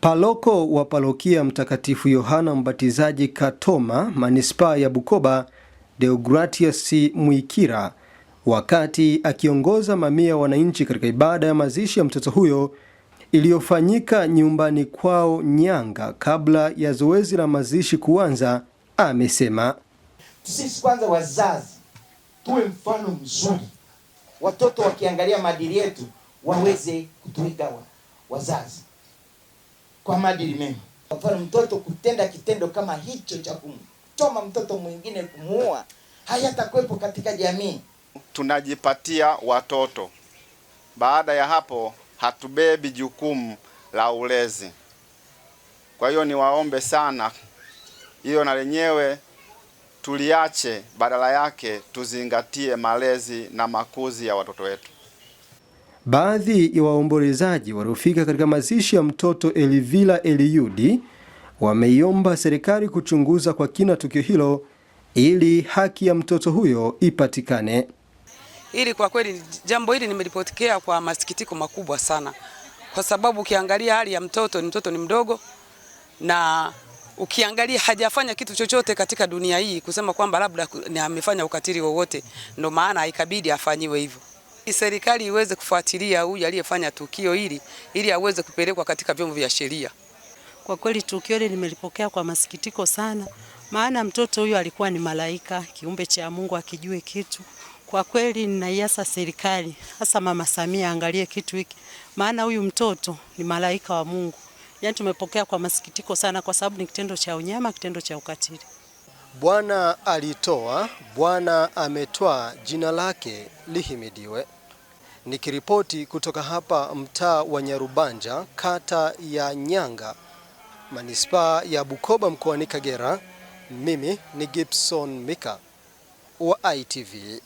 paloko wa Parokia Mtakatifu Yohana Mbatizaji Katoma, manispaa ya Bukoba, Deogratius Mwikira, wakati akiongoza mamia wananchi katika ibada ya mazishi ya mtoto huyo iliyofanyika nyumbani kwao Nyanga kabla ya zoezi la mazishi kuanza, amesema sisi kwanza wazazi tuwe mfano mzuri, watoto wakiangalia maadili yetu waweze kutuiga wa, wazazi kwa maadili mema. Kwa mfano, mtoto kutenda kitendo kama hicho cha kumchoma mtoto mwingine, kumuua, hayatakuwepo katika jamii. Tunajipatia watoto, baada ya hapo hatubebi jukumu la ulezi. Kwa hiyo niwaombe sana, hiyo na lenyewe tuliache, badala yake tuzingatie malezi na makuzi ya watoto wetu. Baadhi ya waombolezaji waliofika katika mazishi ya mtoto Elivila Eliudi wameiomba serikali kuchunguza kwa kina tukio hilo ili haki ya mtoto huyo ipatikane. Ili kwa kweli jambo hili nimelipokea kwa masikitiko makubwa sana, kwa sababu ukiangalia hali ya mtoto ni mtoto ni mdogo, na ukiangalia hajafanya kitu chochote katika dunia hii kusema kwamba labda amefanya ukatili wowote, ndio maana ikabidi afanyiwe hivyo haki serikali iweze kufuatilia huyu aliyefanya tukio hili ili aweze kupelekwa katika vyombo vya sheria. Kwa kweli tukio hili nimelipokea kwa masikitiko sana, maana mtoto huyu alikuwa ni malaika, kiumbe cha Mungu, akijue kitu. Kwa kweli ninaiasa serikali, hasa Mama Samia angalie kitu hiki, maana huyu mtoto ni malaika wa Mungu. Yaani tumepokea kwa masikitiko sana, kwa sababu ni kitendo cha unyama, kitendo cha ukatili. Bwana alitoa, Bwana ametoa, jina lake lihimidiwe. Nikiripoti kutoka hapa mtaa wa Nyarubanja, kata ya Nyanga, manispaa ya Bukoba mkoani Kagera, mimi ni Gibson Mika wa ITV.